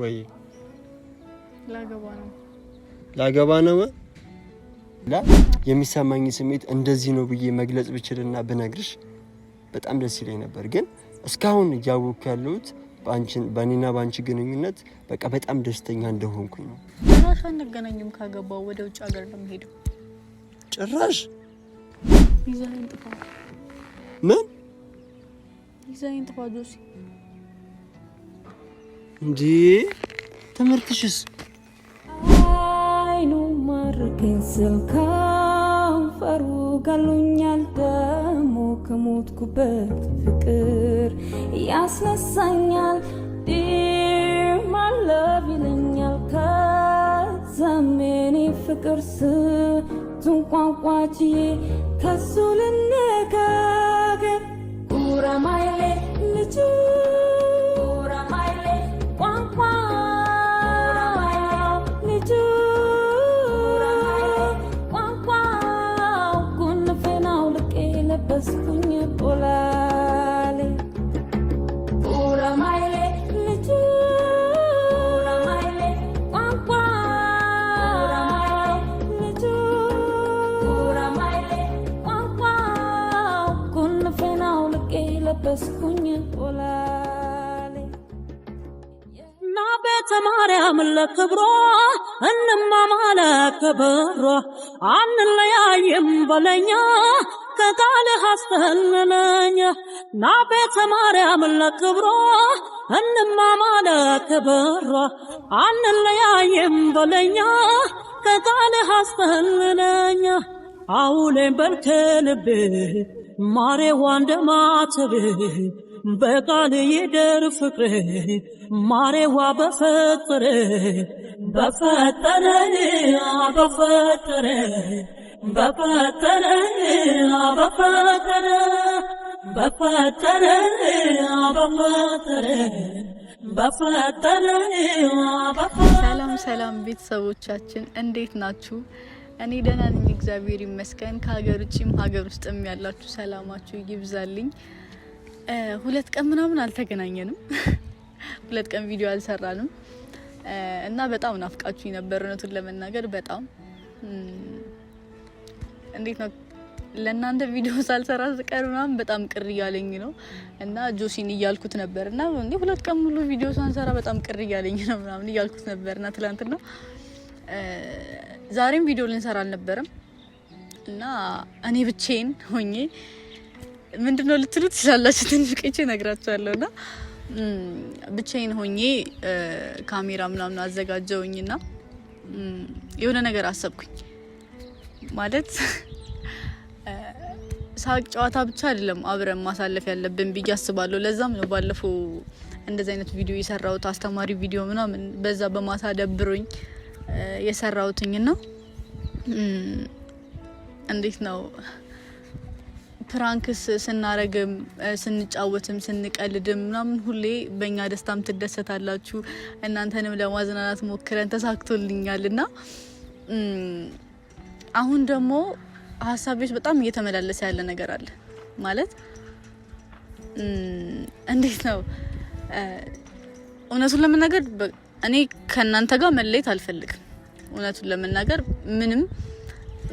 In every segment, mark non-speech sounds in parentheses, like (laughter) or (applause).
ወይ ላገባ ነው ላገባ ነው የሚሰማኝ ስሜት እንደዚህ ነው ብዬ መግለጽ ብችልና ብነግርሽ በጣም ደስ ይለኝ ነበር፣ ግን እስካሁን እያወቅኩ ያለሁት በእኔና በአንቺ ግንኙነት በቃ በጣም ደስተኛ እንደሆንኩኝ ነው። ጭራሽ አንገናኝም። ካገባው ወደ ውጭ ሀገር ነው የምሄደው። ጭራሽ ቪዛዬን ጥፋ። ምን ቪዛዬን ጥፋ ጆሲ እንጂ ትምህርትሽስ አይኑ ማርኬን ስል ከንፈሩ ጋሎኛል። ደሞ ከሞትኩበት ፍቅር ያስነሳኛል። ዲማለብ ይለኛል። ከዘሜኔ ፍቅር ስንቱን ቋንቋ ችዬ ከሱ ልነጋገር ጉራማይሌ ልጁ ማርያም ለክብሯ እንማማለ ክብሯ አንለያይም በለኛ ከቃልህ አስተልለኛ ና ቤተ ማርያም ለክብሯ እንማማለ ክብሯ አንለያይም በለኛ ከቃልህ አስተልለኛ አውሌን በልከልብ ማሬ ዋንደማትብህ በቃል ይደር ፍቅር ማሬዋ በፈጥረ በፈጠረን በፈጠረ በፈጠረ በፈጠረ በፈጠረ በፈጠረ ሰላም ሰላም ቤተሰቦቻችን እንዴት ናችሁ? እኔ ደህና ነኝ፣ እግዚአብሔር ይመስገን። ከሀገር ውጭም ሀገር ውስጥም ያላችሁ ሰላማችሁ ይብዛልኝ። ሁለት ቀን ምናምን አልተገናኘንም። (laughs) ሁለት ቀን ቪዲዮ አልሰራንም እና በጣም ናፍቃችሁ የነበር እውነቱን ለመናገር በጣም እንዴት ነው ለእናንተ ቪዲዮ ሳልሰራ ስቀር ምናምን በጣም ቅር እያለኝ ነው እና ጆሲን እያልኩት ነበር እና እ ሁለት ቀን ሙሉ ቪዲዮ ሳንሰራ በጣም ቅር እያለኝ ነው ምናምን እያልኩት ነበር እና ነው ዛሬም ቪዲዮ ልንሰራ አልነበረም እና እኔ ብቼን ሆኜ ምንድነው ልትሉ ትችላላችሁ። ትንሽ ቆይቼ እነግራችኋለሁ። ና ብቻዬን ሆኜ ካሜራ ምናምን አዘጋጀውኝ ና የሆነ ነገር አሰብኩኝ ማለት ሳቅ ጨዋታ ብቻ አይደለም አብረን ማሳለፍ ያለብን ብዬ አስባለሁ። ለዛም ነው ባለፈው እንደዚህ አይነት ቪዲዮ የሰራሁት አስተማሪ ቪዲዮ ምናምን በዛ በማታ ደብሮኝ የሰራሁትኝ ና እንዴት ነው ፕራንክስ ስናረግም ስንጫወትም ስንቀልድም ምናምን ሁሌ በእኛ ደስታም ትደሰታላችሁ። እናንተንም ለማዝናናት ሞክረን ተሳክቶልኛል እና አሁን ደግሞ ሀሳቤዎች በጣም እየተመላለሰ ያለ ነገር አለ ማለት እንዴት ነው? እውነቱን ለመናገር እኔ ከእናንተ ጋር መለየት አልፈልግም። እውነቱን ለመናገር ምንም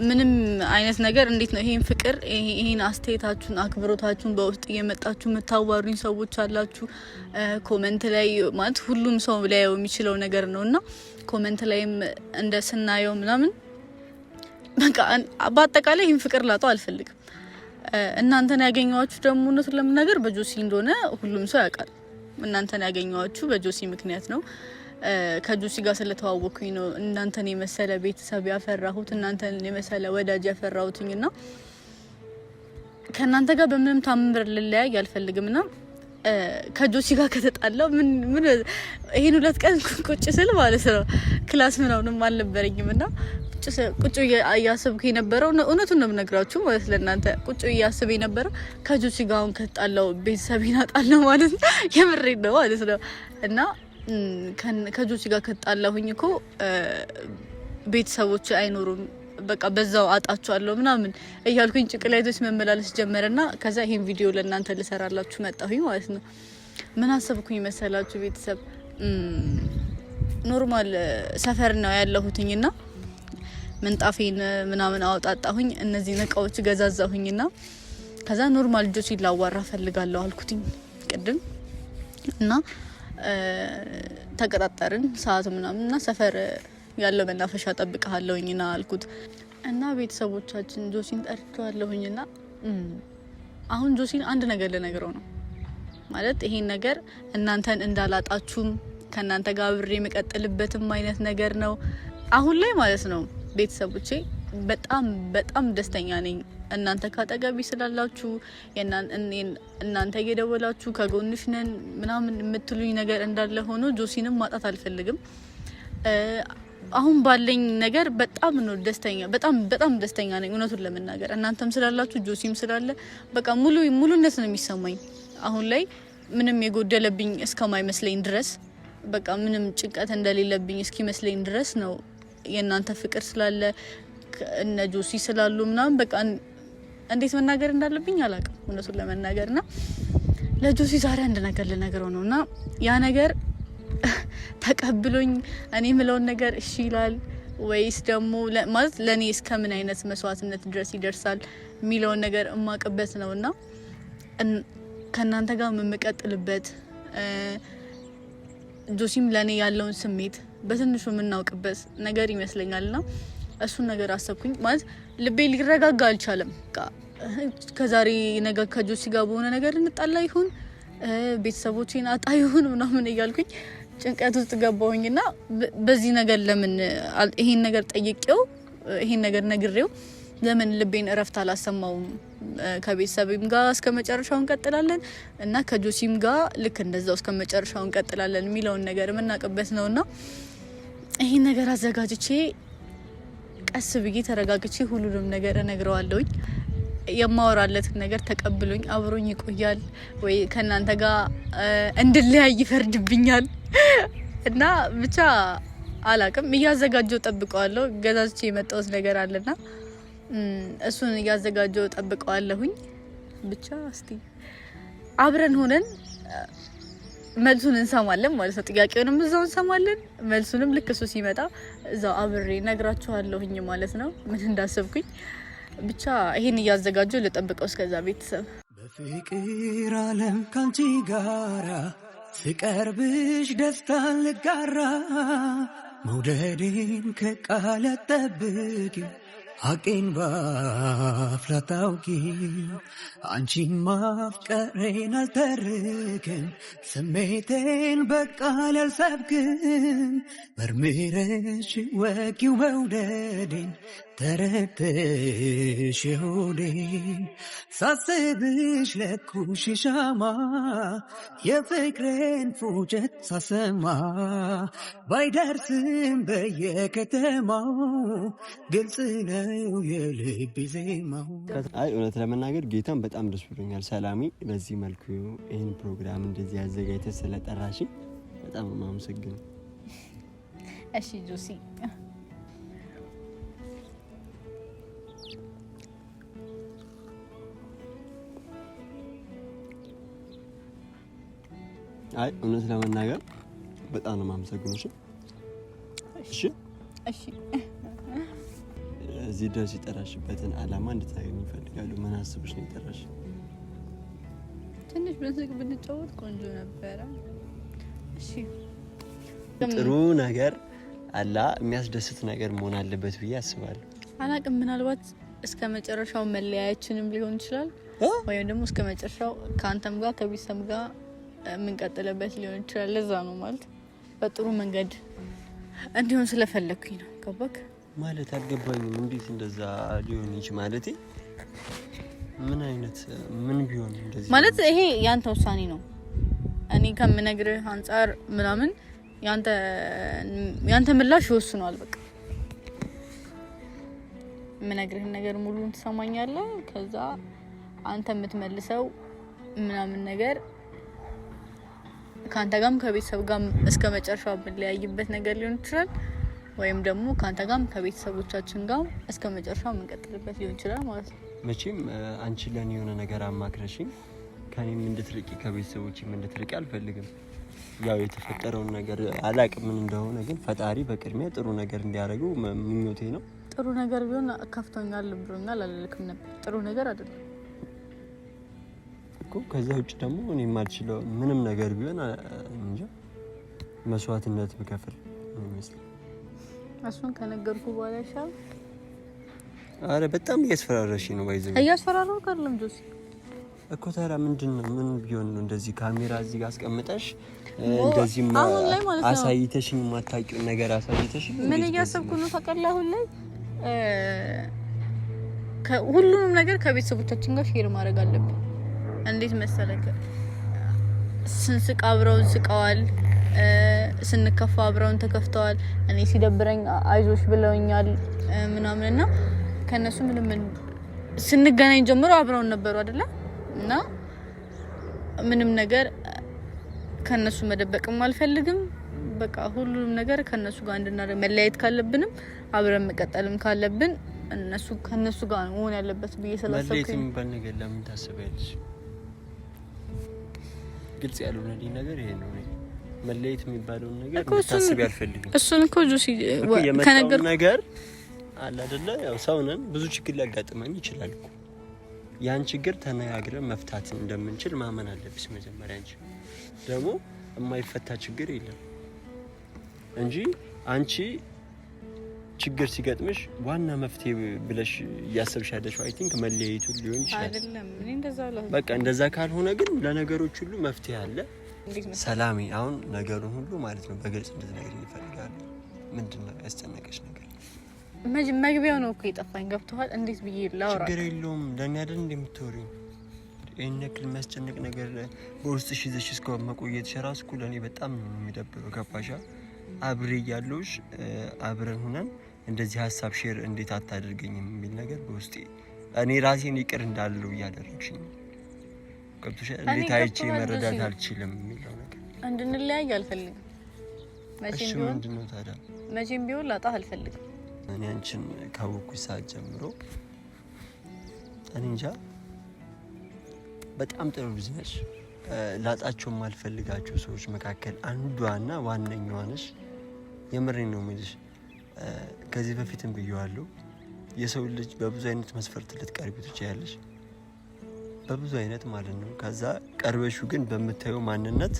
ምንም አይነት ነገር እንዴት ነው ይሄን ፍቅር ይሄን አስተያየታችሁን አክብሮታችሁን በውስጥ እየመጣችሁ የምታዋሩኝ ሰዎች አላችሁ። ኮመንት ላይ ማለት ሁሉም ሰው ሊያየው የሚችለው ነገር ነው እና ኮመንት ላይም እንደ ስናየው ምናምን በቃ በአጠቃላይ ይህን ፍቅር ላጣው አልፈልግም። እናንተን ያገኘዋችሁ ደግሞ እውነቱን ለመናገር በጆሲ እንደሆነ ሁሉም ሰው ያውቃል። እናንተን ያገኘዋችሁ በጆሲ ምክንያት ነው። ከጁሲ ጋር ስለተዋወኩኝ ነው እናንተን የመሰለ ቤተሰብ ያፈራሁት እናንተን የመሰለ ወዳጅ ያፈራሁትኝ ና ከእናንተ ጋር በምንም ታምር ልለያይ አልፈልግም ና ከጆሲ ጋር ከተጣላው ምን ይህን ሁለት ቀን ቁጭ ስል ማለት ነው ክላስ ምናምንም አልነበረኝም እና ቁጭ እያስብኩ የነበረው እውነቱን ነው የምነግራችሁ ማለት ለእናንተ ቁጭ እያስብ የነበረው ከጆሲ ጋር አሁን ከተጣላው ቤተሰቤን አጣለው ማለት ነው። የምሬን ነው ማለት ነው እና ከጆሲ ጋር ከጣላሁኝ እኮ ቤተሰቦች አይኖሩም በቃ በዛው አጣቸዋለሁ ምናምን እያልኩኝ ጭቅላይቶች መመላለስ ና ከዛ ይህን ቪዲዮ ለእናንተ ልሰራላችሁ መጣሁኝ ማለት ነው። ምን አሰብኩኝ መሰላችሁ ቤተሰብ ኖርማል ሰፈር ነው ያለሁትኝ ና ምንጣፌን ምናምን አወጣጣሁኝ እነዚህን እቃዎች ገዛዛሁኝ ና ከዛ ኖርማል ልጆች ላዋራ ፈልጋለሁ አልኩትኝ ቅድም እና ተቀጣጠርን ሰዓት ምናምን እና ሰፈር ያለው መናፈሻ ጠብቀሃለሁኝ ና አልኩት እና ቤተሰቦቻችን ጆሲን ጠርቸዋለሁኝ ና አሁን ጆሲን አንድ ነገር ልነግረው ነው ማለት ይሄን ነገር እናንተን እንዳላጣችሁም ከእናንተ ጋር ብሬ የምቀጥልበትም አይነት ነገር ነው አሁን ላይ ማለት ነው ቤተሰቦቼ በጣም በጣም ደስተኛ ነኝ። እናንተ ካጠገቢ ስላላችሁ እናንተ እየደወላችሁ ከጎንሽ ነን ምናምን የምትሉኝ ነገር እንዳለ ሆኖ ጆሲንም ማጣት አልፈልግም። አሁን ባለኝ ነገር በጣም ነው ደስተኛ በጣም በጣም ደስተኛ ነኝ። እውነቱን ለመናገር እናንተም ስላላችሁ ጆሲም ስላለ በቃ ሙሉ ሙሉነት ነው የሚሰማኝ አሁን ላይ ምንም የጎደለብኝ እስከማይመስለኝ ድረስ በቃ ምንም ጭንቀት እንደሌለብኝ እስኪመስለኝ ድረስ ነው የእናንተ ፍቅር ስላለ እነ ጆሲ ስላሉ ምናምን በቃ እንዴት መናገር እንዳለብኝ አላውቅም እውነቱን ለመናገር እና ለጆሲ ዛሬ አንድ ነገር ልነግረው ነው እና ያ ነገር (laughs) ተቀብሎኝ እኔ የምለውን ነገር እሺ ይላል ወይስ ደግሞ ማለት ለእኔ እስከ ምን አይነት መስዋዕትነት ድረስ ይደርሳል የሚለውን ነገር እማቅበት ነው እና ከእናንተ ጋር የምቀጥልበት ጆሲም ለእኔ ያለውን ስሜት በትንሹ የምናውቅበት ነገር ይመስለኛል ነው እሱን ነገር አሰብኩኝ። ማለት ልቤ ሊረጋጋ አልቻለም። ከዛሬ ነገ ከጆሲ ጋር በሆነ ነገር እንጣላ ይሁን ቤተሰቦችን አጣ ይሁን ምናምን እያልኩኝ ጭንቀት ውስጥ ና በዚህ ነገር ለምን ይሄን ነገር ጠይቄው ይሄን ነገር ነግሬው ለምን ልቤን እረፍት አላሰማውም? ከቤተሰብም ጋር እስከ መጨረሻው እንቀጥላለን እና ከጆሲም ጋር ልክ እንደዛው እስከ መጨረሻው እንቀጥላለን የሚለውን ነገር የምናውቅበት ና ይህን ነገር አዘጋጅቼ ቀስ ብዬ ተረጋግቼ ሁሉንም ነገር እነግረዋለሁኝ። የማወራለትን ነገር ተቀብሎኝ አብሮኝ ይቆያል ወይ ከእናንተ ጋር እንድለያይ ይፈርድብኛል እና ብቻ አላቅም። እያዘጋጀው ጠብቀዋለሁ። ገዛዝቼ የመጣሁት ነገር አለና እሱን እያዘጋጀው ጠብቀዋለሁኝ። ብቻ እስቲ አብረን ሆነን መልሱን እንሰማለን ማለት ነው። ጥያቄውንም እዛው እንሰማለን፣ መልሱንም ልክ እሱ ሲመጣ እዛው አብሬ ነግራችኋለሁኝ ማለት ነው ምን እንዳሰብኩኝ። ብቻ ይሄን እያዘጋጀው ልጠብቀው እስከዛ ቤተሰብ በፍቅር አለም ካንቺ ጋራ ስቀርብሽ ደስታን ልጋራ መውደድን ከቃል አቄን ባፍላታውቂ አንቺን ማፍቀሬን አልተርክም ስሜቴን በቃል አልሰብክም መርምረሽ ወቂው መውደዴን ተረተሽ የሆዴ ሳስብሽ ለኩሽ ሻማ የፍቅሬን ፉጨት ሳሰማ ባይደርስም በየከተማው ግልጽ ነው የልብ ዜማው። አይ እውነት ለመናገር ጌታን በጣም ደስ ብሎኛል። ሰላሚ በዚህ መልኩ ይህን ፕሮግራም እንደዚህ አዘጋጅተሽ ስለጠራሽኝ በጣም ማመሰግን። እሺ ጆሲ አይ እውነት ለመናገር በጣም ነው የማመሰግነው። እሺ እሺ፣ እዚህ ድረስ የጠራሽበትን አላማ እንድታገኝ ይፈልጋሉ። ምን አስብሽ ነው የጠራሽ? ትንሽ በስልክ ብንጫወት ቆንጆ ነበረ። እሺ ጥሩ ነገር አላ የሚያስደስት ነገር መሆን አለበት ብዬ አስባለሁ። አላቅም ምናልባት እስከ መጨረሻው መለያችንም ሊሆን ይችላል፣ ወይም ደግሞ እስከ መጨረሻው ከአንተም ጋር ከቤተሰብ ጋር የምንቀጥልበት ሊሆን ይችላል። ለዛ ነው ማለት በጥሩ መንገድ እንዲሆን ስለፈለግኩኝ ነው። ገባክ ማለት አልገባኝም። እንዴት እንደዛ ሊሆን ይች ማለት ምን አይነት ምን ቢሆን እንደዚህ ማለት ይሄ ያንተ ውሳኔ ነው። እኔ ከምነግርህ አንጻር ምናምን ያንተ ምላሽ ይወስኗል። በቃ የምነግርህን ነገር ሙሉን ትሰማኛለህ። ከዛ አንተ የምትመልሰው ምናምን ነገር ከአንተ ጋም ከቤተሰብ ጋር እስከ መጨረሻው የምንለያይበት ነገር ሊሆን ይችላል፣ ወይም ደግሞ ከአንተ ጋም ከቤተሰቦቻችን ጋም እስከ መጨረሻው የምንቀጥልበት ሊሆን ይችላል ማለት ነው። መቼም አንቺ ለእኔ የሆነ ነገር አማክረሽኝ ከኔም እንድትርቂ ከቤተሰቦችም እንድትርቂ አልፈልግም። ያው የተፈጠረውን ነገር አላቅ ምን እንደሆነ ግን ፈጣሪ በቅድሚያ ጥሩ ነገር እንዲያደርገው ምኞቴ ነው። ጥሩ ነገር ቢሆን ከፍቶኛል ብሎኛል አላልክም ነበር። ጥሩ ነገር አይደለም እኮ ከዛ ውጭ ደግሞ እኔ የማልችለው ምንም ነገር ቢሆን እንጂ መስዋዕትነት ብከፍል ይመስል እሱን ከነገርኩ በኋላ ይሻል። አረ በጣም እያስፈራረሽ ነው። ባይዘ እያስፈራረው ካለም ጆሲ እኮ ታዲያ ምንድን ነው? ምን ቢሆን ነው እንደዚህ ካሜራ እዚህ ጋር አስቀምጠሽ እንደዚህ አሳይተሽ የማታውቂውን ነገር አሳይተሽ ምን እያሰብኩ ነው? ታውቃለህ አሁን ላይ ሁሉንም ነገር ከቤተሰቦቻችን ጋር ሼር ማድረግ አለብን። እንዴት መሰለክ ስንስቅ አብረውን ስቀዋል፣ ስንከፋ አብረውን ተከፍተዋል። እኔ ሲደብረኝ አይዞች ብለውኛል ምናምን እና ከእነሱ ምንም ስንገናኝ ጀምሮ አብረውን ነበሩ አይደለም። እና ምንም ነገር ከእነሱ መደበቅም አልፈልግም። በቃ ሁሉም ነገር ከእነሱ ጋር እንድናደርግ መለያየት ካለብንም አብረን መቀጠልም ካለብን እነሱ ከእነሱ ጋር መሆን ያለበት ብዬ ስላሰብኩኝ ግልጽ ያልሆነልኝ ነገር ይሄ ነው። መለየት የሚባለውን ነገር ታስብ ያልፈልግም። እሱን እኮ ጁሲ ከነገር ነገር አለ አይደለ? ያው ሰው ነን፣ ብዙ ችግር ሊያጋጥመን ይችላል እኮ ያን ችግር ተነጋግረን መፍታት እንደምንችል ማመን አለብሽ መጀመሪያ እንጂ ደግሞ የማይፈታ ችግር የለም እንጂ አንቺ ችግር ሲገጥምሽ ዋና መፍትሄ ብለሽ እያሰብሽ ያለሽው አይ ቲንክ መለያየቱ ሊሆን ይችላል። በቃ እንደዛ ካልሆነ ግን ለነገሮች ሁሉ መፍትሄ አለ። ሰላሚ አሁን ነገሩን ሁሉ ማለት ነው በግልጽ እንድትነግሪኝ ይፈልጋሉ። ምንድን ነው ያስጨነቀሽ ነገር? መግቢያው ነው እኮ የጠፋኝ። ገብቶሃል? እንዴት ብዬ ላውራ? ችግር የለውም ለእኔ አይደል እንደምትወሪው ይህን ያክል የሚያስጨንቅ ነገር በውስጥሽ ይዘሽ እስከ መቆየትሽ እራሱ እኮ ለእኔ በጣም ነው የሚደብረው። ገባሻ? አብሬ እያለሁሽ አብረን ሁነን እንደዚህ ሀሳብ ሼር እንዴት አታደርገኝም የሚል ነገር በውስጤ እኔ ራሴን ይቅር እንዳለው እያደረግሽኝ ገብቶሻል። እንዴት አይቼ መረዳት አልችልም የሚለው ነገር እንድንለያይ አልፈልግም። እሺ ምንድን ነው ታዲያ? መቼም ቢሆን ላጣህ አልፈልግም። እኔ አንቺን ካወኩሽ ሰዓት ጀምሮ እኔ እንጃ በጣም ጥሩ ልጅ ነሽ። ላጣቸው የማልፈልጋቸው ሰዎች መካከል አንዷና ዋነኛዋ ነሽ። የምሬን ነው የምልሽ ከዚህ በፊትም ብየዋለሁ። የሰው ልጅ በብዙ አይነት መስፈርት ልትቀርቢ ትችያለሽ፣ በብዙ አይነት ማለት ነው። ከዛ ቀርበሹ ግን በምታየው ማንነት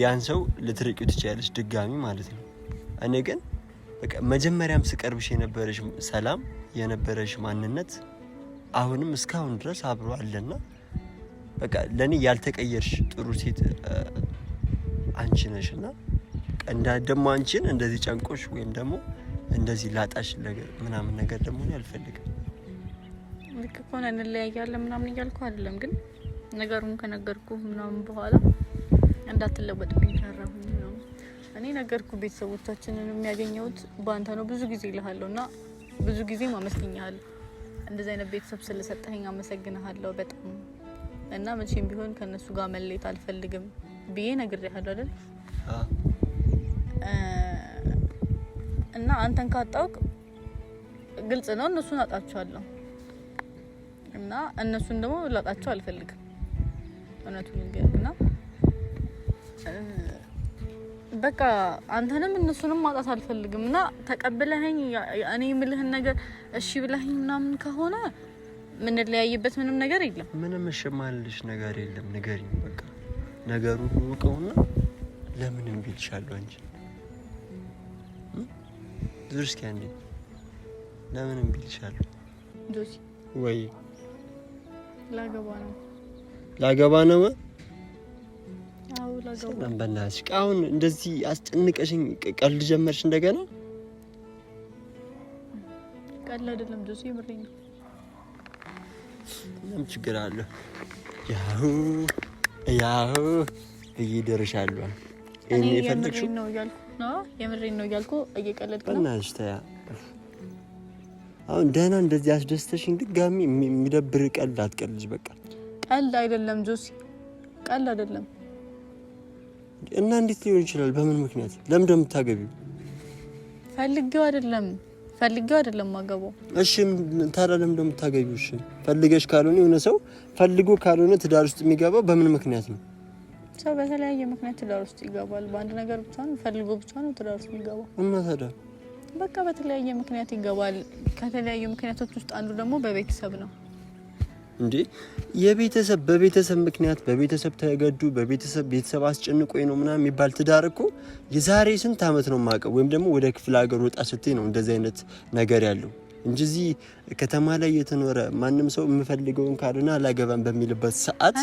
ያን ሰው ልትርቂ ትችያለሽ ድጋሚ ማለት ነው። እኔ ግን መጀመሪያም ስቀርብሽ የነበረሽ ሰላም የነበረሽ ማንነት አሁንም እስካሁን ድረስ አብሮ አለና በቃ ለእኔ ያልተቀየርሽ ጥሩ ሴት አንቺ ነሽና እንደ ደግሞ አንቺን እንደዚህ ጨንቆሽ ወይም ደግሞ እንደዚህ ላጣሽ ምናምን ነገር ደግሞ አልፈልግም። ልክ እኮ ነን እንለያያለን ምናምን እያልኩ አይደለም፣ ግን ነገሩን ከነገርኩ ምናምን በኋላ እንዳትለወጥብኝ ፈራሁ። እኔ ነገርኩ ቤተሰቦቻችንን የሚያገኘሁት በአንተ ነው። ብዙ ጊዜ ይልሃለሁ እና ብዙ ጊዜ አመስግኛለሁ። እንደዚህ አይነት ቤተሰብ ስለሰጠኝ አመሰግንሃለሁ በጣም እና መቼም ቢሆን ከእነሱ ጋር መለየት አልፈልግም ብዬ ነግሬሃለሁ አይደል? እና አንተን ካጣውቅ ግልጽ ነው እነሱን አጣቸዋለሁ እና እነሱን ደግሞ ላጣቸው አልፈልግም። እውነቱን ልንገርና በቃ አንተንም እነሱንም ማጣት አልፈልግም እና ተቀብለኸኝ እኔ የምልህን ነገር እሺ ብለኸኝ ምናምን ከሆነ ምንለያይበት ምንም ነገር የለም። ምንም እሺ ማልልሽ ነገር የለም። ንገሪኝ በቃ ነገሩን ውቀውና ለምን እምቢ እንጂ ዙር እስኪ አንዴ ለምንም ቢልሻለሁ ወይ ላገባ ነው ላገባ ነው። ሰላም በእናትሽ አሁን እንደዚህ አስጨንቀሽኝ ቀልድ ጀመርሽ እንደገና። ምንም ችግር አለ። ያው ያው እየደረሻለሁ እኔ የፈለግሽው ነው ያልኩ የምሬን ነው እያልኩ እየቀለድኩ ነው። በእናትሽ አሁን ደህና እንደዚህ አስደስተሽኝ ድጋሚ የሚደብር ቀልድ አትቀልጅ። በቃ ቀልድ አይደለም ጆሲ፣ ቀልድ አይደለም። እና እንዴት ሊሆን ይችላል? በምን ምክንያት? ለምን እንደምታገቢው ፈልጌው አይደለም ፈልጌው አይደለም ማገባው። እሺ ታዲያ ለምን እንደምታገቢው? እሺ ፈልገሽ ካልሆነ የሆነ ሰው ፈልጎ ካልሆነ ትዳር ውስጥ የሚገባው በምን ምክንያት ነው? ሰው በተለያየ ምክንያት ትዳር ውስጥ ይገባል። በአንድ ነገር ብቻ ነው ፈልጎ ብቻ ነው ትዳር ውስጥ ይገባል እና ታዲያ በቃ በተለያየ ምክንያት ይገባል። ከተለያዩ ምክንያቶች ውስጥ አንዱ ደግሞ በቤተሰብ ነው እንዴ። የቤተሰብ በቤተሰብ ምክንያት በቤተሰብ ተገዱ፣ በቤተሰብ ቤተሰብ አስጨንቆኝ ነው ምናምን የሚባል ትዳር እኮ የዛሬ ስንት ዓመት ነው ማቀብ ወይም ደግሞ ወደ ክፍለ ሀገር ወጣ ስትይ ነው እንደዚህ አይነት ነገር ያለው እንጂ እዚህ ከተማ ላይ የተኖረ ማንም ሰው የምፈልገውን ካልና አላገባም በሚልበት ሰዓት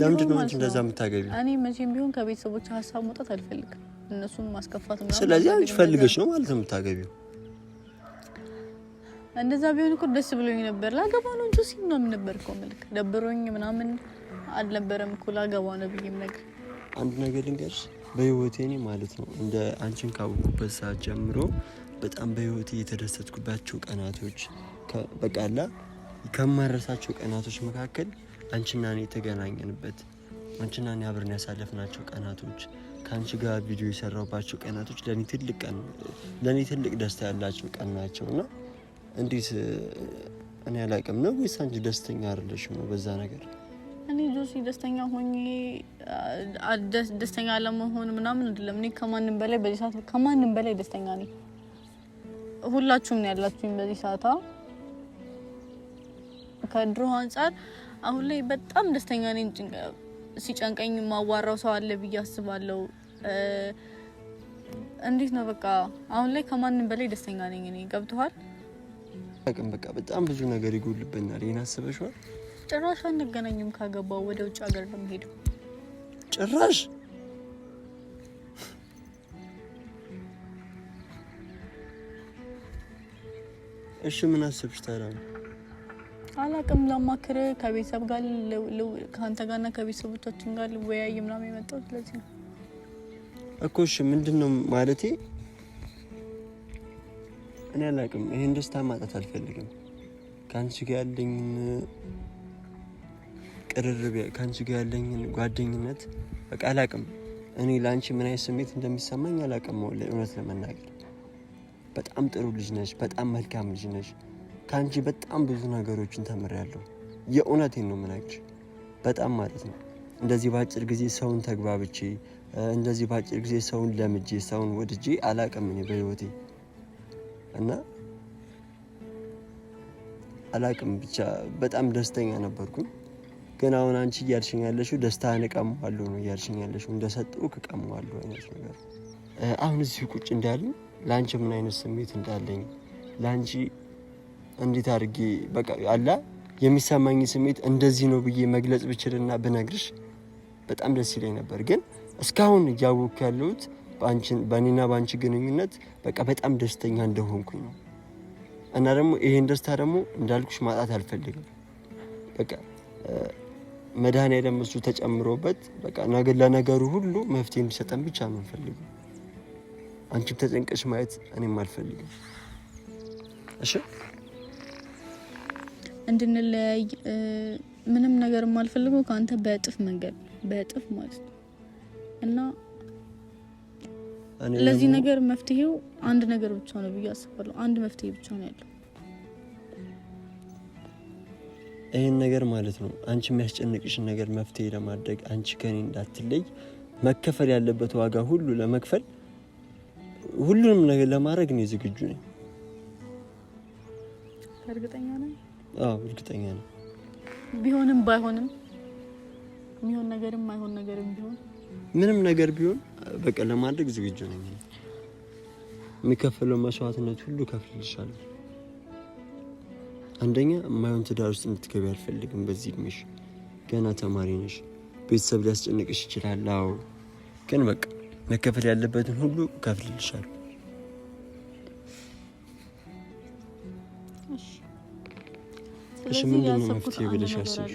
ለምንድን ነው እንደዛ የምታገቢ? እኔ መቼም ቢሆን ከቤተሰቦች ሀሳብ መውጣት አልፈልግም፣ እነሱም ማስከፋት። ስለዚህ አንቺ ፈልገሽ ነው ማለት ነው የምታገቢው? እንደዛ ቢሆን እኮ ደስ ብሎኝ ነበር። ላገባ ነው እንጂ ሲም ምናምን ነበር እኮ መልክ ደብሮኝ ምናምን አልነበረም እኮ ላገባ ነው ብዬም ነገር አንድ ነገር ልንገርሽ፣ በህይወቴ እኔ ማለት ነው እንደ አንቺን ካወኩበት ሰዓት ጀምሮ በጣም በህይወቴ የተደሰትኩባቸው ቀናቶች በቃላ ከማረሳቸው ቀናቶች መካከል አንቺና እኔ የተገናኘንበት አንቺና እኔ አብረን ያሳለፍናቸው ቀናቶች ከአንቺ ጋር ቪዲዮ የሰራሁባቸው ቀናቶች ለእኔ ትልቅ ቀን ለእኔ ትልቅ ደስታ ያላቸው ቀን ናቸው እና እንዴት እኔ አላውቅም ነው ወይስ አንቺ ደስተኛ አይደለሽም ነው በዛ ነገር? እኔ ጆሲ ደስተኛ ሆኜ ደስተኛ ለመሆን ምናምን አይደለም። እኔ ከማንም በላይ በዚህ ሰዓት ከማንም በላይ ደስተኛ ነኝ። ሁላችሁም ነው ያላችሁኝ በዚህ ሰዓታ ከድሮ አንጻር አሁን ላይ በጣም ደስተኛ ነኝ። ሲጨንቀኝ ማዋራው ሰው አለ ብዬ አስባለሁ። እንዴት ነው በቃ አሁን ላይ ከማንም በላይ ደስተኛ ነኝ እኔ። ገብቶሃል? አቅም በቃ በጣም ብዙ ነገር ይጎልብናል። ይህን አስበሽዋል? ጭራሽ አንገናኝም። ካገባው ወደ ውጭ ሀገር ነው የምሄደው ጭራሽ እሺ ምን አስብሽ ታዲያ? አላቅም ላማክር ከቤተሰብ ጋር ከአንተ ጋርና ከቤተሰቦቻችን ጋር ልወያይ ምናምን የመጣው ስለዚህ ነው እኮ። እሺ ምንድን ነው ማለቴ እኔ አላቅም። ይሄን ደስታ ማጣት አልፈልግም። ከአንቺ ጋር ያለኝን ቅርርብ፣ ከአንቺ ጋር ያለኝን ጓደኝነት በቃ አላቅም። እኔ ለአንቺ ምን አይነት ስሜት እንደሚሰማኝ አላቅም እውነት ለመናገር በጣም ጥሩ ልጅ ነሽ፣ በጣም መልካም ልጅ ነሽ። ከአንቺ በጣም ብዙ ነገሮችን ተምሬያለሁ። የእውነቴን ነው የምናግርሽ፣ በጣም ማለት ነው። እንደዚህ በአጭር ጊዜ ሰውን ተግባብቼ እንደዚህ በአጭር ጊዜ ሰውን ለምጄ ሰውን ወድጄ አላቅም እኔ በህይወቴ እና አላቅም ብቻ በጣም ደስተኛ ነበርኩኝ። ግን አሁን አንቺ እያልሽኝ ያለሽው ደስታህን እቀማዋለሁ ነው እያልሽኝ ያለሽው እንደሰጠሁህ እቀማዋለሁ አይነት ነገር አሁን እዚህ ቁጭ እንዳለኝ ለአንቺ ምን አይነት ስሜት እንዳለኝ ለአንቺ እንዴት አድርጌ በቃ አለ የሚሰማኝ ስሜት እንደዚህ ነው ብዬ መግለጽ ብችልና ብነግርሽ በጣም ደስ ይለኝ ነበር። ግን እስካሁን እያወቅኩ ያለሁት በእኔና በአንቺ ግንኙነት በቃ በጣም ደስተኛ እንደሆንኩኝ ነው። እና ደግሞ ይሄን ደስታ ደግሞ እንዳልኩሽ ማጣት አልፈልግም። በቃ መድኃኔ ዓለም እሱ ተጨምሮበት በቃ ለነገሩ ሁሉ መፍትሄ እንዲሰጠን ብቻ ነው የምንፈልገው። አንቺም ተጨንቀሽ ማየት እኔም አልፈልግም። እሺ እንድንለያይ ምንም ነገር የማልፈልገው ከአንተ በእጥፍ መንገድ በእጥፍ ማለት ነው እና ለዚህ ነገር መፍትሄው አንድ ነገር ብቻ ነው ብዬ አስባለሁ። አንድ መፍትሄ ብቻ ነው ያለው። ይህን ነገር ማለት ነው አንቺ የሚያስጨንቅሽን ነገር መፍትሄ ለማድረግ አንቺ ከኔ እንዳትለይ መከፈል ያለበት ዋጋ ሁሉ ለመክፈል ሁሉንም ነገር ለማድረግ እኔ ዝግጁ ነኝ። እርግጠኛ ነኝ። አዎ እርግጠኛ ነኝ። ቢሆንም ባይሆንም የሚሆን ነገርም አይሆን ነገርም ቢሆን ምንም ነገር ቢሆን በቃ ለማድረግ ዝግጁ ነኝ። የሚከፈለው መስዋዕትነት ሁሉ ከፍልልሻለሁ። አንደኛ የማይሆን ትዳር ውስጥ እንድትገቢ አልፈልግም። በዚህ እድሜሽ ገና ተማሪ ነሽ። ቤተሰብ ሊያስጨንቅሽ ይችላል። አዎ ግን በቃ መከፈል ያለበትን ሁሉ እከፍልልሻለሁ። እሺ ምንድን ነው መፍትሄ ብለሽ ያስብሽ?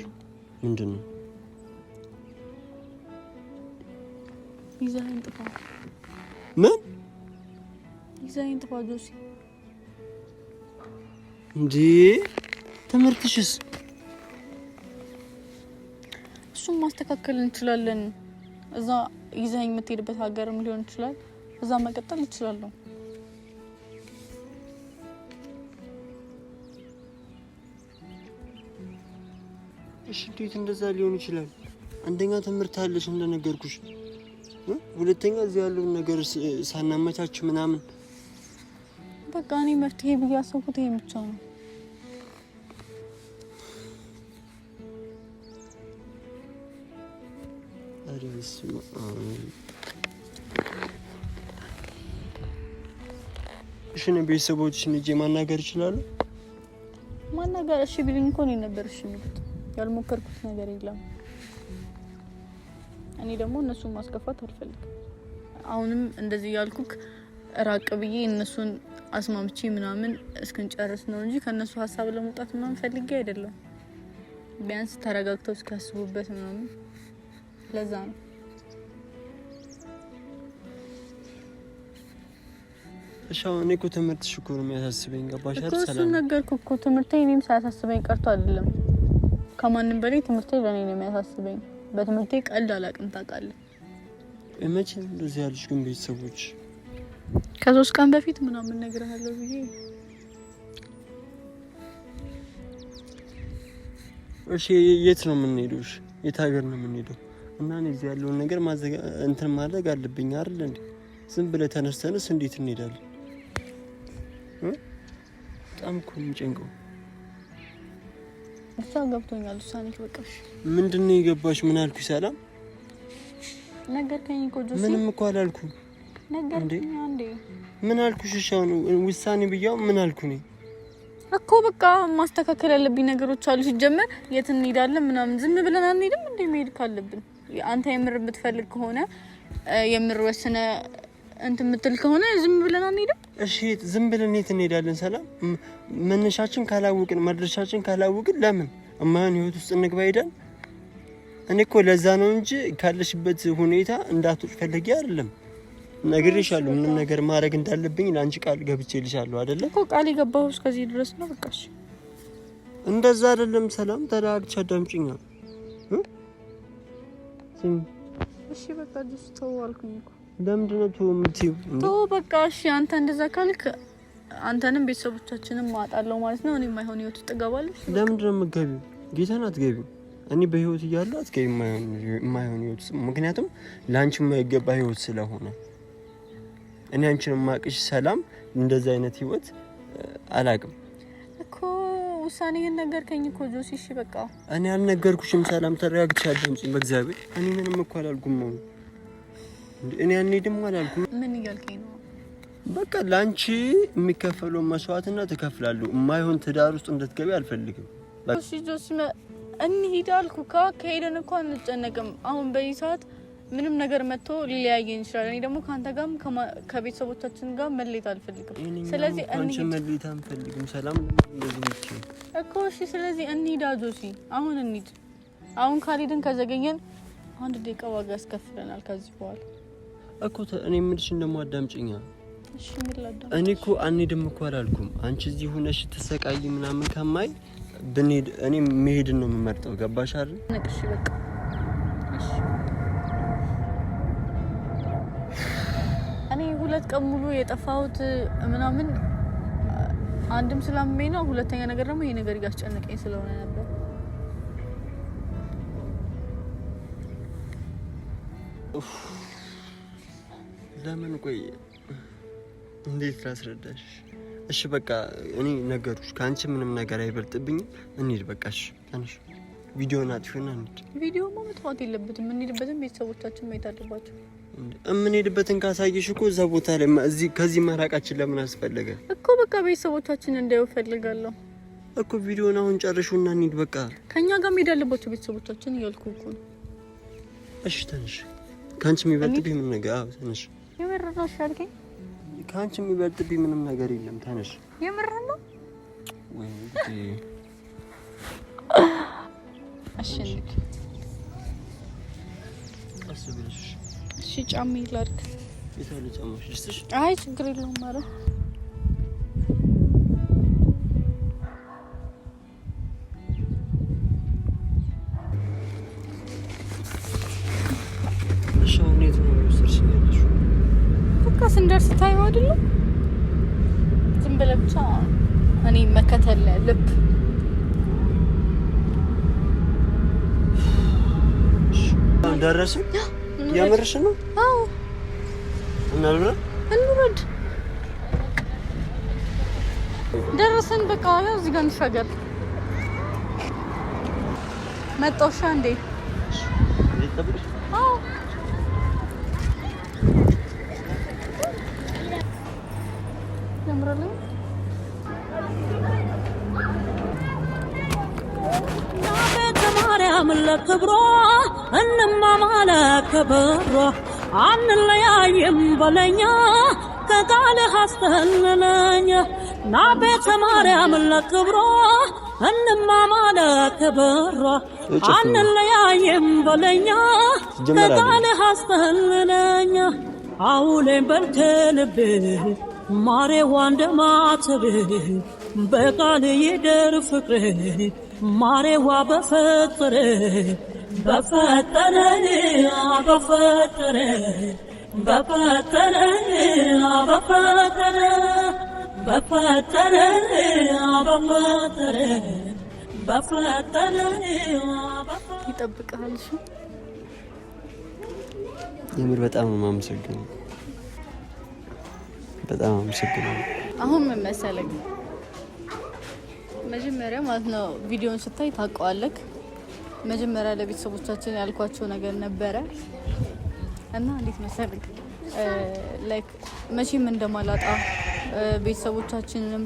ምንድን ነው ይዛህን ጥፋ። ምን ይዛህን ጥፋ ጆሲ? እንዴ ትምህርትሽስ? እሱም ማስተካከል እንችላለን እዛ ይዘኝ የምትሄድበት ሀገርም ሊሆን ይችላል። እዛ መቀጠል ይችላለሁ። እሺ እንዴት እንደዛ ሊሆን ይችላል? አንደኛ ትምህርት አለሽ እንደነገርኩሽ፣ ሁለተኛ እዚህ ያለውን ነገር ሳናመቻች ምናምን በቃ እኔ መፍትሄ ብዬ ያሰብኩት ይሄ ብቻ ነው። እባክሽን ቤተሰቦችሽን ሂጄ ማናገር ይችላሉ? ማናገር እሺ ብልኝ እኮ ነው እሺ የሚሉት። ያልሞከርኩት ነገር የለም። እኔ ደግሞ እነሱን ማስከፋት አልፈልግም። አሁንም እንደዚህ ያልኩክ ራቅ ብዬ እነሱን አስማምቼ ምናምን እስክንጨርስ ነው እንጂ ከእነሱ ሀሳብ ለመውጣት ምናምን ፈልጌ አይደለም። ቢያንስ ተረጋግተው እስኪያስቡበት ምናምን ለዛ ነው እሺ አሁን እኔ እኮ ትምህርትሽ እኮ የሚያሳስበኝ። ገባሽ አይደል? ሰላም እኮ ነገርኩህ እኮ ትምህርቴ እኔም ሳያሳስበኝ ቀርቶ አይደለም። ከማንም በላይ ትምህርቴ ለእኔ ነው የሚያሳስበኝ። በትምህርቴ ቀልድ አላውቅም ታውቃለህ። መቼ እንደዚህ ያሉሽ ግን ቤተሰቦች ከሶስት ቀን በፊት ምናምን እነግርሃለሁ ብዬ እሺ። የት ነው የምንሄደው? እሺ የት ሀገር ነው የምንሄደው? እና እኔ እዚህ ያለውን ነገር ማዘጋ እንትን ማድረግ አለብኝ አይደል እንዴ? ዝም ብለህ ተነስተንስ እንዴት እንሄዳለን? በጣም እኮ ነው የሚጨንቀው። እሷ ገብቶኛል። ውሳኔ በቃሽ። ምንድን ነው የገባሽ? ምን አልኩኝ? ሰላም ነገርከኝ እኮ ጆሲ። ምንም እኮ አላልኩም። ነገርከኝ አንዴ። ምን አልኩሽ? እሺ ውሳኔ ብያው ምን አልኩ ነኝ እኮ በቃ ማስተካከል ያለብኝ ነገሮች አሉ። ሲጀመር የት እንሄዳለን ምናምን ዝም ብለን አንሄድም እንዴ? መሄድ ካለብን አንተ የምር የምትፈልግ ከሆነ የምር ወስነ እንትን የምትል ከሆነ ዝም ብለን አንሄድም። እሺ ዝም ብለን የት እንሄዳለን? ሰላም መነሻችን ካላወቅን መድረሻችን ካላወቅን ለምን እማይሆን ህይወት ውስጥ እንግባ ሄዳል? እኔ እኮ ለዛ ነው እንጂ ካለሽበት ሁኔታ እንዳትወጪ ፈልጌ አይደለም። ነግሬሻለሁ፣ ምንም ነገር ማድረግ እንዳለብኝ ለአንቺ ቃል ገብቼልሻለሁ። አይደለም እኮ ቃል የገባሁ እስከዚህ ድረስ ነው። በቃሽ፣ እንደዛ አይደለም ሰላም። ተረጋግቼ አዳምጪኝ። እሺ በቃ ተው ተዋልኩኝ እኮ ለምንድነው የምትይው? በቃ እሺ፣ አንተ እንደዛ ካልክ አንተንም ቤተሰቦቻችንም ማጣለው ማለት ነው። እኔ የማይሆን ህይወት ውስጥ እገባለሁ። ለምንድነው የምትገቢው? ጌታን አትገቢው። እኔ በህይወት እያለሁ የማይሆን ህይወት ምክንያቱም ለአንቺ የማይገባ ህይወት ስለሆነ እኔ አንቺን የማቅሽ ሰላም፣ እንደዛ አይነት ህይወት አላቅም እኮ ውሳኔ ነገርከኝ እኮ ጆሲ። እሺ በቃ እኔ አልነገርኩሽም። ሰላም ተረጋግቻለሁ አዳምጪኝ በእግዚአብሔር። እኔ ምንም እኮ አላልኩም። እኔ አንሄድም አላልኩም። ምን እያልከኝ ነው? በቃ ለአንቺ የሚከፈለው መስዋዕትና ትከፍላለሁ። የማይሆን ትዳር ውስጥ እንድትገቢ አልፈልግም። እሺ ጆስመ እንሂድ አልኩ። ከሄደን እኮ አንጨነቅም። አሁን በዚህ ሰዓት ምንም ነገር መጥቶ ሊለያየን ይችላል። እኔ ደግሞ ከአንተ ጋርም ከቤተሰቦቻችን ጋር መሌት አልፈልግም። ስለዚህ መሌት አንፈልግም። ሰላም እኮ እሺ። ስለዚህ እንሂድ ጆሲ፣ አሁን እንሂድ። አሁን ካልሄድን ከዘገኘን አንድ ደቂቃ ዋጋ ያስከፍለናል ከዚህ በኋላ እኮ እኔ የምልሽን ደግሞ አዳምጪኛ። እኔ እኮ አንሄድም እኮ አላልኩም። አንቺ እዚህ ሆነሽ ትሰቃይ ምናምን ከማይ ብንሄድ እኔ መሄድን ነው የምመርጠው። ገባሽ አይደል? እኔ ሁለት ቀን ሙሉ የጠፋሁት ምናምን አንድም ስላመመኝ ነው። ሁለተኛ ነገር ደግሞ ይሄ ነገር እያስጨነቀኝ ስለሆነ ነበር። ኡፍ ለምን ቆይ እንዴት ላስረዳሽ? እሺ በቃ እኔ ነገሮች ከአንቺ ምንም ነገር አይበልጥብኝም። እንሂድ በቃ። እሺ ተነሽ፣ ቪዲዮን አጥፊውና እንሂድ። ቪዲዮ መጥፋት የለበትም። የምንሄድበትን ቤተሰቦቻችን ማየት አለባቸው። የምንሄድበትን ካሳየሽ እኮ እዛ ቦታ ላይ እዚህ ከዚህ መራቃችን ለምን አስፈለገ እኮ? በቃ ቤተሰቦቻችን እንዳዩ ፈልጋለሁ እኮ። ቪዲዮን አሁን ጨርሹና እንሂድ በቃ። ከእኛ ጋር መሄድ አለባቸው ቤተሰቦቻችን እያልኩ እኮ ነው። እሺ ተነሽ፣ ከአንቺ የሚበልጥብኝ ምን ነገር? አዎ ተነሽ የምር ነው እሺ አልከኝ። ከአንቺ የሚበልጥብኝ ምንም ነገር የለም። ተነሽ። የምር ነው ወይ? እሺ እሺ፣ ጫማ ይላድክ። አይ ችግር የለውም። እየተናገረሽ ነው? አዎ። እናልብረ እንውረድ። ደረሰን። በቃ ያው እዚህ ጋር እንሻገር። መጣውሻ እንዴ? አዎ። ያምራል። ማርያም ለክብሯ እንማማላ ከበሯ አንለያይም በለኛ ከቃልህ አስጠልለኛ ና ቤተ ማርያም ለክብሯ እንማማላ ከበሯ አንለያይም በለኛ ከቃልህ አስጠልለኛ አውሌን በልቴ ልብህ ማሬ በቃል ይደር ፍቅርህ ማሬዋ በፈጥርህ በፈጠረን በፈጠረ በፈጠረን በፈጠረን በፈጠረን ይጠብቃል። እሺ የምር በጣም የማመሰግነው በጣም አመሰግናለሁ። አሁን ምን መሰለኝ መጀመሪያ ማለት ነው ቪዲዮን ስታይ ታውቀዋለህ መጀመሪያ ለቤተሰቦቻችን ያልኳቸው ነገር ነበረ እና እንዴት መሰለክ ላይክ መቼም እንደማላጣ ቤተሰቦቻችንንም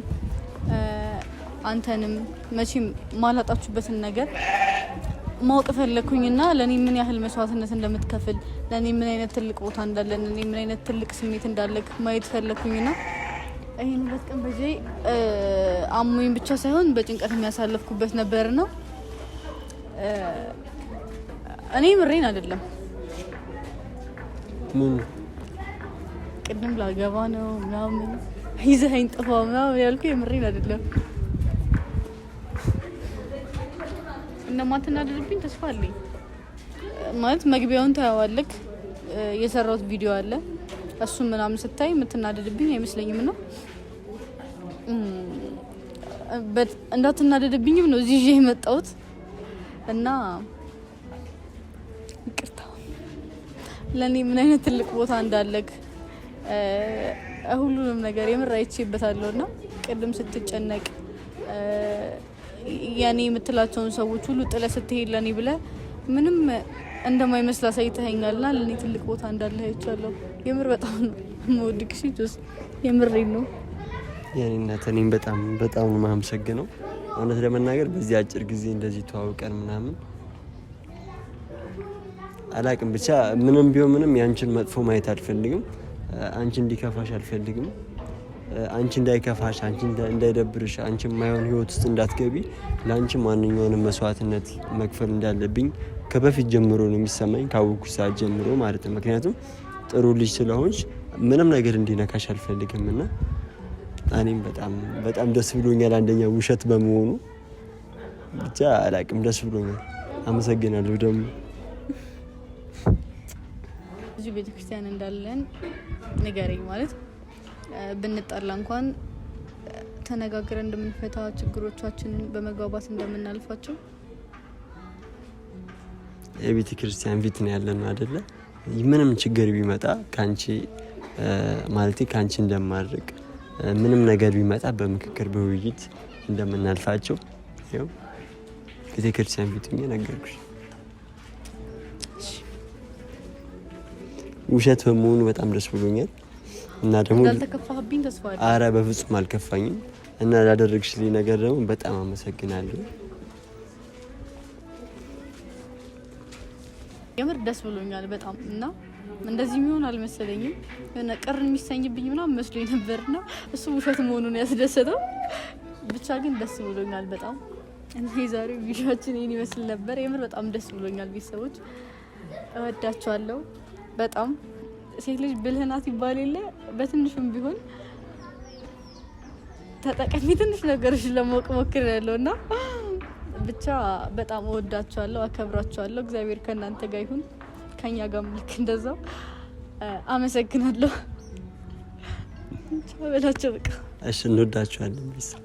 አንተንም መቼም ማላጣችሁበትን ነገር ማወቅ ና ለእኔ ምን ያህል መስዋዕትነት እንደምትከፍል ለእኔ ምን አይነት ትልቅ ቦታ እንዳለን እኔ ምን አይነት ትልቅ ስሜት እንዳለክ ማየት ና ይህን ሁለት ቀን በዜ አሞኝ ብቻ ሳይሆን በጭንቀት የሚያሳለፍኩበት ነበር ነው። እኔ ምሬን አይደለም። ምን ቅድም ላገባ ነው ምናምን ይዘኸኝ ጥፋ ምናምን ያልኩ የምሬን አይደለም። እንደማትናደድብኝ ተስፋ አለኝ። ማለት መግቢያውን ታየዋለክ። የሰራሁት ቪዲዮ አለ እሱን ምናምን ስታይ የምትናደድብኝ አይመስለኝም። ነው እንዳትናደድብኝም ነው እዚህ ይዤ የመጣሁት። እና ይቅርታ ለእኔ ምን አይነት ትልቅ ቦታ እንዳለግ ሁሉንም ነገር የምር አይቼበታለሁ። እና ቅድም ስትጨነቅ የኔ የምትላቸውን ሰዎች ሁሉ ጥለ ስትሄድ ለእኔ ብለ ምንም እንደማይመስል አሳይተኸኛል። ና ለእኔ ትልቅ ቦታ እንዳለ አይቻለሁ። የምር በጣም ነው የምወድሽ። ጆስ የምሬን ነው የኔ እናት። እኔም በጣም በጣም ነው የማመሰግነው። እውነት ለመናገር በዚህ አጭር ጊዜ እንደዚህ ተዋውቀን ምናምን አላቅም። ብቻ ምንም ቢሆን ምንም የአንችን መጥፎ ማየት አልፈልግም። አንቺ እንዲከፋሽ አልፈልግም። አንቺ እንዳይከፋሽ፣ አንቺ እንዳይደብርሽ፣ አንቺ የማይሆን ህይወት ውስጥ እንዳትገቢ ለአንቺ ማንኛውንም መስዋዕትነት መክፈል እንዳለብኝ ከበፊት ጀምሮ ነው የሚሰማኝ፣ ካወኩሽ ሰዓት ጀምሮ ማለት ነው። ምክንያቱም ጥሩ ልጅ ስለሆንሽ ምንም ነገር እንዲነካሽ አልፈልግም እና እኔም በጣም በጣም ደስ ብሎኛል። አንደኛ ውሸት በመሆኑ ብቻ አላቅም፣ ደስ ብሎኛል። አመሰግናለሁ። ደግሞ እዚሁ ቤተክርስቲያን እንዳለን ንገረኝ ማለት ብንጣላ እንኳን ተነጋግረን እንደምንፈታ ችግሮቻችንን በመግባባት እንደምናልፋቸው የቤተ ክርስቲያን ፊት ነው ያለን አደለ? ምንም ችግር ቢመጣ ከአንቺ ማለቴ ከአንቺ እንደማድረግ ምንም ነገር ቢመጣ በምክክር በውይይት እንደምናልፋቸው ያው ቤተክርስቲያን ፊት ነገርኩሽ። ውሸት በመሆኑ በጣም ደስ ብሎኛል እና ደግሞ አረ በፍጹም አልከፋኝም እና ላደረግሽልኝ ነገር ደግሞ በጣም አመሰግናለሁ። የምር ደስ ብሎኛል በጣም እና እንደዚህ የሚሆን አልመሰለኝም። የሆነ ቅር የሚሰኝብኝ ምናምን መስሎኝ ነበርና እሱ ውሸት መሆኑን ያስደሰተው። ብቻ ግን ደስ ብሎኛል በጣም እና የዛሬው ቪዲዮችን ይህን ይመስል ነበር። የምር በጣም ደስ ብሎኛል። ቤተሰቦች እወዳቸዋለሁ በጣም። ሴት ልጅ ብልህናት ይባል የለ በትንሹም ቢሆን ተጠቃሚ ትንሽ ነገሮች ለማወቅ ሞክር ያለው እና ብቻ በጣም እወዳቸዋለሁ፣ አከብራቸዋለሁ። እግዚአብሔር ከእናንተ ጋር ይሁን። ከኛ ጋር ልክ እንደዛው አመሰግናለሁ። ቻው በላቸው። በቃ እሺ፣ እንወዳችኋለን።